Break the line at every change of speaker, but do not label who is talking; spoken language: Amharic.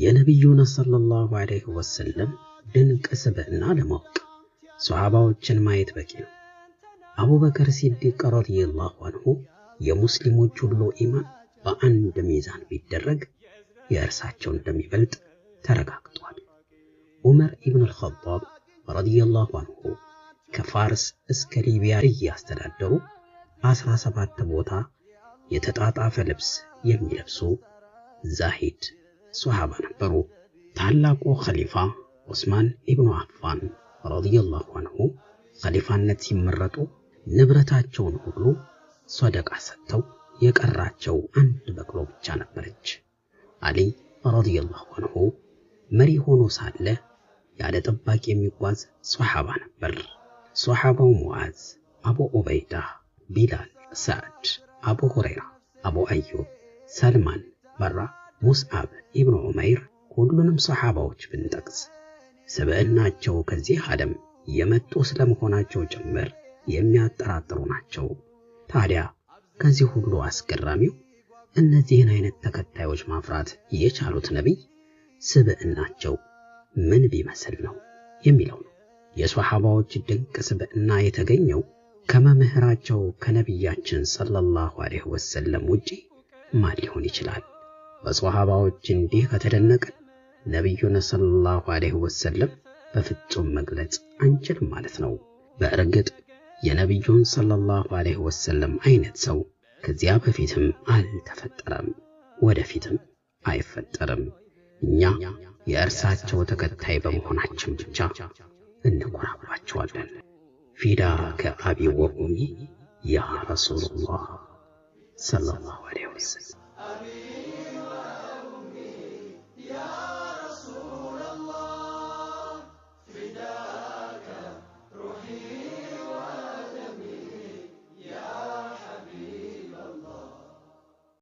የነቢዩን ሰለላሁ ዐለይሂ ወሰለም ድንቅ ስብዕና ለማወቅ ሶሐባዎችን ማየት በቂ ነው። አቡበከር ሲዲቅ ረዲየላሁ አንሁ የሙስሊሞች ሁሉ ኢማን በአንድ ሚዛን ቢደረግ የእርሳቸው እንደሚበልጥ ተረጋግጧል። ዑመር ኢብን አልኸጣብ ረዲየላሁ አንሁ ከፋርስ እስከ ሊቢያ እያስተዳደሩ አስራ ሰባት ቦታ የተጣጣፈ ልብስ የሚለብሱ ዛሂድ ሶሃባ ነበሩ። ታላቁ ኸሊፋ ዑስማን ኢብኑ አፋን ረዲየላሁ አንሁ ኸሊፋነት ሲመረጡ ንብረታቸውን ሁሉ ሶደቃ ሰጥተው የቀራቸው አንድ በቅሎ ብቻ ነበረች። አሊ ረዲየላሁ አንሁ መሪ ሆኖ ሳለ ያለ ጠባቂ የሚጓዝ ሶሓባ ነበር። ሶሓባው ሙዓዝ፣ አቡ ዑበይዳ፣ ቢላል፣ ሰዕድ፣ አቡ ሁረይራ፣ አቡ አዩብ፣ ሰልማን በራ ሙስዓብ ኢብኑ ዑመይር ሁሉንም ሰሓባዎች ብንጠቅስ ስብዕናቸው ከዚህ ዓለም የመጡ ስለመሆናቸው ጭምር የሚያጠራጥሩ ናቸው። ታዲያ ከዚህ ሁሉ አስገራሚው እነዚህን አይነት ተከታዮች ማፍራት የቻሉት ነቢይ ስብዕናቸው ምን ቢመስል ነው የሚለው ነው። የሶሐባዎች ድንቅ ስብዕና የተገኘው ከመምህራቸው ከነቢያችን ሰለላሁ ዐለይሂ ወሰለም ውጪ ማን ሊሆን ይችላል? በሶሃባዎች እንዲህ ከተደነቅን ነቢዩን ሰለላሁ ዐለይሂ ወሰለም በፍጹም መግለጽ አንችልም ማለት ነው። በእርግጥ የነቢዩን ሰለላሁ ዐለይሂ ወሰለም አይነት ሰው ከዚያ በፊትም አልተፈጠረም፣ ወደፊትም አይፈጠርም። እኛ የእርሳቸው ተከታይ በመሆናችን ብቻ እንኮራባቸዋለን። ፊዳ ከአቢ ወኡሚ ያ ረሱሉላህ ሰለላሁ ዐለይሂ ወሰለም